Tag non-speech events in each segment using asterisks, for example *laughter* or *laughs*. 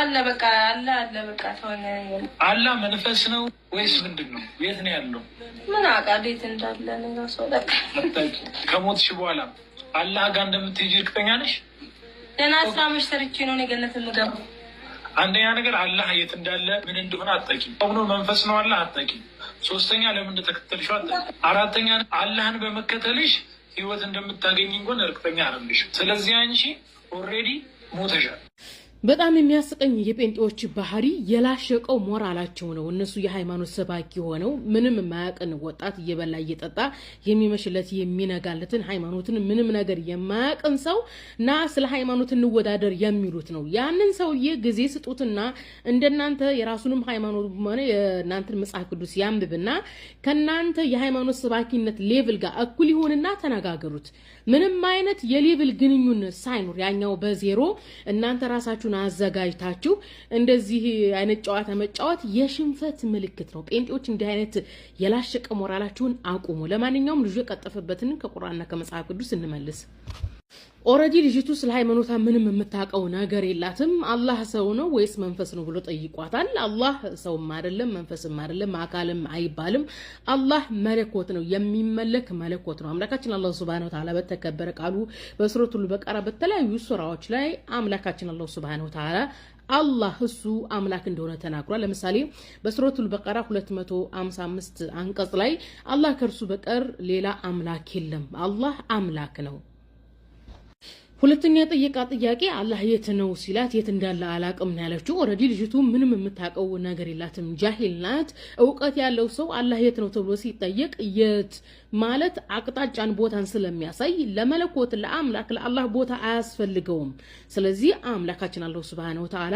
አለ በቃ አለ አለ በቃ ተሆነ አላ መንፈስ ነው ወይስ ምንድን ነው? የት ነው ያለው? ምን አቃ ቤት እንዳለ ነው ሰው በቃ ከሞትሽ በኋላ አላ ጋር እንደምትሄጂ እርግጠኛ ነሽ? ገና አስራ አምስት ሰርቼ ነው እኔ ገነት የምገባው። አንደኛ ነገር አላህ የት እንዳለ ምን እንደሆነ አታውቂም። አሁኑ መንፈስ ነው አላህ አታውቂም። ሶስተኛ ለምን እንደተከተልሽው አታውቂም። አራተኛ አላህን በመከተልሽ ህይወት እንደምታገኝ እንኳን እርግጠኛ አይደለሽም። ስለዚህ አንቺ ኦልሬዲ ሞተሻል። በጣም የሚያስቀኝ የጴንጤዎች ባህሪ የላሸቀው ሞራላቸው ነው። እነሱ የሃይማኖት ሰባኪ ሆነው ምንም የማያውቅን ወጣት እየበላ እየጠጣ የሚመሽለት የሚነጋለትን ሃይማኖትን ምንም ነገር የማያቅን ሰው ና ስለ ሃይማኖት እንወዳደር የሚሉት ነው። ያንን ሰውዬ ጊዜ ስጡትና እንደናንተ የራሱንም ሃይማኖት ሆነ የእናንተን መጽሐፍ ቅዱስ ያንብብና ከናንተ የሃይማኖት ሰባኪነት ሌቭል ጋር እኩል ይሆንና ተነጋገሩት። ምንም አይነት የሌቭል ግንኙነት ሳይኖር ያኛው በዜሮ እናንተ ራሳችሁ ራሳችሁን አዘጋጅታችሁ እንደዚህ አይነት ጨዋታ መጫወት የሽንፈት ምልክት ነው። ጴንጤዎች እንዲህ አይነት የላሸቀ ሞራላችሁን አቁሙ። ለማንኛውም ልጁ የቀጠፈበትን ከቁርአንና ከመጽሐፍ ቅዱስ እንመልስ። ኦረዲ ልጅቱ ስለ ሃይማኖታ ምንም የምታውቀው ነገር የላትም። አላህ ሰው ነው ወይስ መንፈስ ነው ብሎ ጠይቋታል። አላህ ሰውም አይደለም መንፈስም አይደለም አካልም አይባልም። አላህ መለኮት ነው፣ የሚመለክ መለኮት ነው። አምላካችን አላህ ሱብሃነሁ ወተዓላ በተከበረ ቃሉ በሱረቱል በቀራ በተለያዩ ሱራዎች ላይ አምላካችን አላህ ሱብሃነሁ ወተዓላ አላህ እሱ አምላክ እንደሆነ ተናግሯል። ለምሳሌ በሱረቱል በቀራ 255 አንቀጽ ላይ አላህ ከእርሱ በቀር ሌላ አምላክ የለም፣ አላህ አምላክ ነው ሁለተኛ ጠየቃ ጥያቄ አላህ የት ነው ሲላት የት እንዳለ አላቅም ነው ያለችው። ኦልሬዲ ልጅቱ ምንም የምታውቀው ነገር የላትም፣ ጃሂል ናት። እውቀት ያለው ሰው አላህ የት ነው ተብሎ ሲጠየቅ የት ማለት አቅጣጫን ቦታን ስለሚያሳይ ለመለኮት ለአምላክ ለአላህ ቦታ አያስፈልገውም። ስለዚህ አምላካችን አላሁ ስብሐነሁ ወተዓላ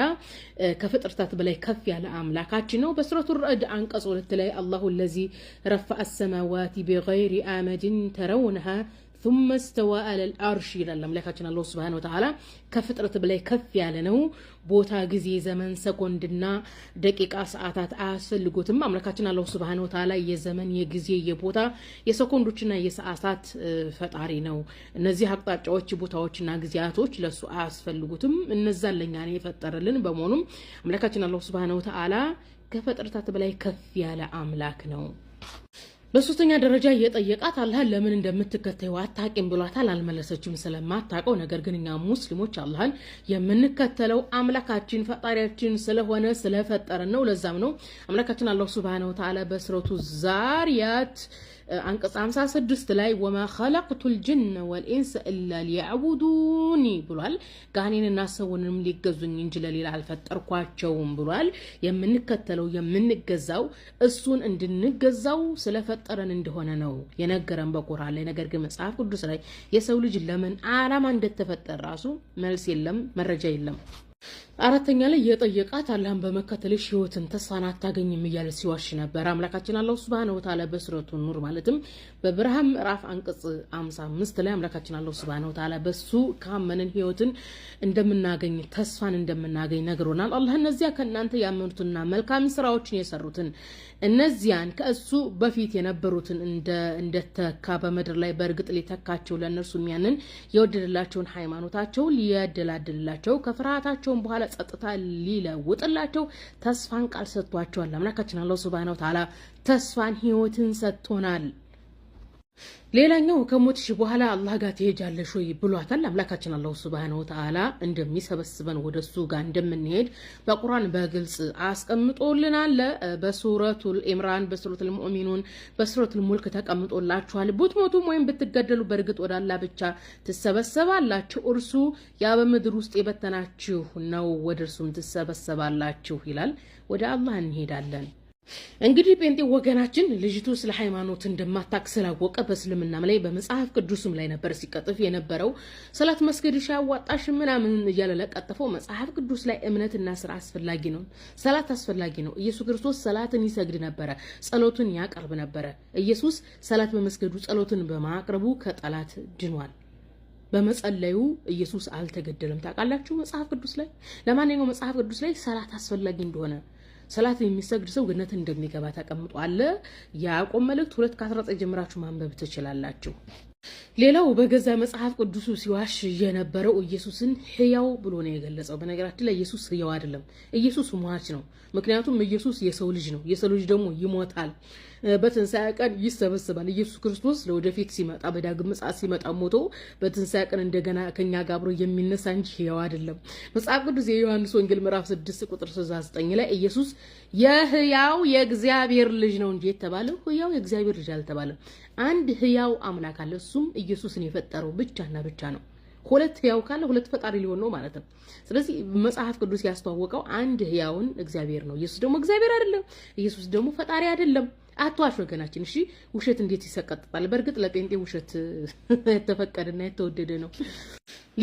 ከፍጥረታት በላይ ከፍ ያለ አምላካችን ነው። በሱረቱ ረዕድ አንቀጽ ሁለት ላይ አላሁ ለዚ ረፈዐ ሰማዋቲ ቢገይሪ አመድን ተረውነሃ ثم استوى على العرش ይላል አምላካችን አላህ Subhanahu Wa ከፍጥረት በላይ ከፍ ያለ ነው። ቦታ፣ ጊዜ፣ ዘመን፣ ሰኮንድና ደቂቃ ሰዓታት አያስፈልጉትም። አምላካችን አላህ Subhanahu Wa የዘመን፣ የጊዜ፣ የቦታ፣ የሰኮንዶችና የሰዓታት ፈጣሪ ነው። እነዚህ አቅጣጫዎች፣ ቦታዎችና ጊዜያቶች ለሱ አያስፈልጉትም። እነዛን ለኛ ነው የፈጠረልን። በመሆኑም አምላካችን አላህ Subhanahu Wa ከፍጥረታት በላይ ከፍ ያለ አምላክ ነው። በሶስተኛ ደረጃ እየጠየቃት አላህን ለምን እንደምትከተዩ አታቂም ብሏታል። አልመለሰችም ስለማታውቀው። ነገር ግን እኛ ሙስሊሞች አላህን የምንከተለው አምላካችን ፈጣሪያችን ስለሆነ ስለፈጠረን ነው። ለዛም ነው አምላካችን አላሁ ሱብሃነሁ ወተዓላ በስረቱ ዛሪያት አንቀጽ 56 ላይ ወማ ኸለቅቱል ጅነ ወልኢንስ ኢላ ሊያዕቡዱኒ ብሏል። ጋኔንና ሰውንም ሊገዙኝ እንጂ ለሌላ አልፈጠርኳቸውም ብሏል። የምንከተለው የምንገዛው እሱን እንድንገዛው ስለፈ የፈጠረን እንደሆነ ነው የነገረን በቁርአን ላይ። ነገር ግን መጽሐፍ ቅዱስ ላይ የሰው ልጅ ለምን ዓላማ እንደተፈጠረ ራሱ መልስ የለም፣ መረጃ የለም። አራተኛ ላይ የጠየቃት አላህን በመከተልሽ ህይወትን ተስፋን አታገኝም እያለ ሲዋሽ ነበር። አምላካችን አላሁ ስብሃነሁ ወተዓላ በሱረቱ ኑር ማለትም በብርሃን ምዕራፍ አንቀጽ 55 ላይ አምላካችን አላሁ ስብሃነሁ ወተዓላ በሱ ካመንን ህይወትን እንደምናገኝ ተስፋን እንደምናገኝ ነግሮናል። አላህ እነዚያ ከእናንተ ያመኑትና መልካም ስራዎችን የሰሩትን እነዚያን ከእሱ በፊት የነበሩትን እንደተካ በምድር ላይ በእርግጥ ሊተካቸው ለእነርሱም ያንን የወደደላቸውን ሃይማኖታቸውን ሊያደላድልላቸው ከፍርሃታቸውን በኋላ ጸጥታ ሊለውጥላቸው ተስፋን ቃል ሰጥቷቸዋል። አምላካችን አላህ ሱብሃነሁ ወተዓላ ተስፋን ህይወትን ሰጥቶናል። ሌላኛው ከሞትሽ በኋላ አላህ ጋር ትሄጃለሽ ወይ ብሏታል። አምላካችን አላሁ ስብሃነሁ ወተዓላ እንደሚሰበስበን ወደ እሱ ጋር እንደምንሄድ በቁርአን በግልጽ አስቀምጦልናል። በሱረቱል ኢምራን፣ በሱረቱል ሙእሚኑን፣ በሱረቱል ሙልክ ተቀምጦላችኋል። ብትሞቱም ወይም ብትገደሉ በእርግጥ ወደ አላህ ብቻ ትሰበሰባላችሁ፣ እርሱ ያ በምድር ውስጥ የበተናችሁ ነው፣ ወደ እርሱም ትሰበሰባላችሁ ይላል። ወደ አላህ እንሄዳለን። እንግዲህ ጴንጤ ወገናችን ልጅቱ ስለ ሃይማኖት እንደማታቅ ስላወቀ በእስልምናም ላይ በመጽሐፍ ቅዱስም ላይ ነበር ሲቀጥፍ የነበረው። ሰላት መስገድሽ ያዋጣሽ ምናምን እያለ ለቀጥፈው መጽሐፍ ቅዱስ ላይ እምነትና ስራ አስፈላጊ ነው፣ ሰላት አስፈላጊ ነው። ኢየሱስ ክርስቶስ ሰላትን ይሰግድ ነበረ፣ ጸሎትን ያቀርብ ነበረ። ኢየሱስ ሰላት በመስገዱ ጸሎትን በማቅረቡ ከጠላት ድኗል። በመጸለዩ ኢየሱስ አልተገደለም። ታውቃላችሁ መጽሐፍ ቅዱስ ላይ ለማንኛው መጽሐፍ ቅዱስ ላይ ሰላት አስፈላጊ እንደሆነ ሰላት የሚሰግድ ሰው ገነትን እንደሚገባ ተቀምጧል። ያዕቆብ መልእክት ሁለት ከ19 ጀምራችሁ ማንበብ ትችላላችሁ። ሌላው በገዛ መጽሐፍ ቅዱሱ ሲዋሽ የነበረው ኢየሱስን ሕያው ብሎ ነው የገለጸው። በነገራችን ላይ ኢየሱስ ሕያው አይደለም፣ ኢየሱስ ሟች ነው። ምክንያቱም ኢየሱስ የሰው ልጅ ነው። የሰው ልጅ ደግሞ ይሞታል፣ በትንሣኤ ቀን ይሰበስባል። ኢየሱስ ክርስቶስ ለወደፊት ሲመጣ፣ በዳግም ምጽአት ሲመጣ ሞቶ በትንሣኤ ቀን እንደገና ከኛ ጋር አብሮ የሚነሳ እንጂ ሕያው አይደለም። መጽሐፍ ቅዱስ የዮሐንስ ወንጌል ምዕራፍ 6 ቁጥር 69 ላይ ኢየሱስ የሕያው የእግዚአብሔር ልጅ ነው እንጂ የተባለው ሕያው የእግዚአብሔር ልጅ አልተባለም። አንድ ሕያው አምላክ አለ። እሱም ኢየሱስን የፈጠረው ብቻና ብቻ ነው። ሁለት ህያው ካለ ሁለት ፈጣሪ ሊሆን ነው ማለት ነው። ስለዚህ መጽሐፍ ቅዱስ ያስተዋወቀው አንድ ህያውን እግዚአብሔር ነው። ኢየሱስ ደግሞ እግዚአብሔር አይደለም። ኢየሱስ ደግሞ ፈጣሪ አይደለም። አትዋሽ ወገናችን። እሺ ውሸት እንዴት ይሰቀጥጣል? በእርግጥ ለጴንጤ ውሸት *laughs* የተፈቀደና የተወደደ ነው።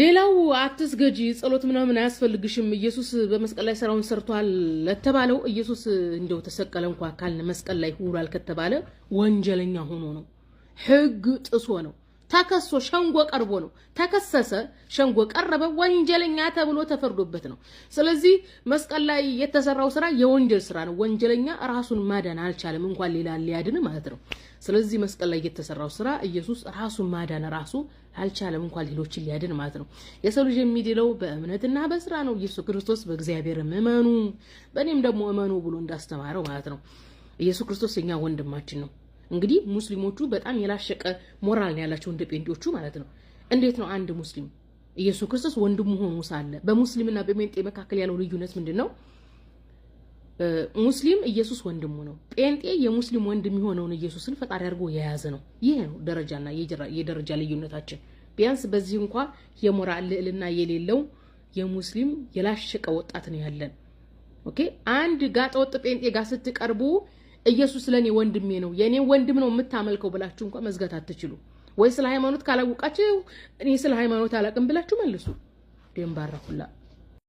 ሌላው አትስገጂ፣ ጸሎት ምናምን አያስፈልግሽም፣ ኢየሱስ በመስቀል ላይ ስራውን ሰርቷል ለተባለው ኢየሱስ እንደው ተሰቀለ እንኳ ካልን መስቀል ላይ ውሏል ከተባለ ወንጀለኛ ሆኖ ነው፣ ህግ ጥሶ ነው ተከሶ ሸንጎ ቀርቦ ነው። ተከሰሰ፣ ሸንጎ ቀረበ፣ ወንጀለኛ ተብሎ ተፈርዶበት ነው። ስለዚህ መስቀል ላይ የተሰራው ስራ የወንጀል ስራ ነው። ወንጀለኛ ራሱን ማዳን አልቻለም፣ እንኳን ሌላ ሊያድን ማለት ነው። ስለዚህ መስቀል ላይ የተሰራው ስራ ኢየሱስ ራሱን ማዳን ራሱ አልቻለም፣ እንኳን ሌሎችን ሊያድን ማለት ነው። የሰው ልጅ የሚድለው በእምነትና በስራ ነው። ኢየሱስ ክርስቶስ በእግዚአብሔር እመኑ በእኔም ደግሞ እመኑ ብሎ እንዳስተማረው ማለት ነው። ኢየሱስ ክርስቶስ እኛ ወንድማችን ነው። እንግዲህ ሙስሊሞቹ በጣም የላሸቀ ሞራል ነው ያላቸው እንደ ጴንጤዎቹ ማለት ነው። እንዴት ነው አንድ ሙስሊም ኢየሱስ ክርስቶስ ወንድሙ ሆኖ ሳለ በሙስሊምና በጴንጤ መካከል ያለው ልዩነት ምንድን ነው? ሙስሊም ኢየሱስ ወንድሙ ነው። ጴንጤ የሙስሊም ወንድም የሆነውን ኢየሱስን ፈጣሪ አድርጎ የያዘ ነው። ይሄ ነው ደረጃና የደረጃ ልዩነታችን። ቢያንስ በዚህ እንኳ የሞራል ልዕልና የሌለው የሙስሊም የላሸቀ ወጣት ነው ያለን። ኦኬ አንድ ጋጠወጥ ጴንጤ ጋር ስትቀርቡ ኢየሱስ ለእኔ ወንድሜ ነው የእኔ ወንድም ነው የምታመልከው ብላችሁ እንኳ መዝጋት አትችሉ ወይ? ስለ ሃይማኖት ካላወቃችሁ እኔ ስለ ሃይማኖት አላቅም ብላችሁ መልሱ። ደንባራ ሁላ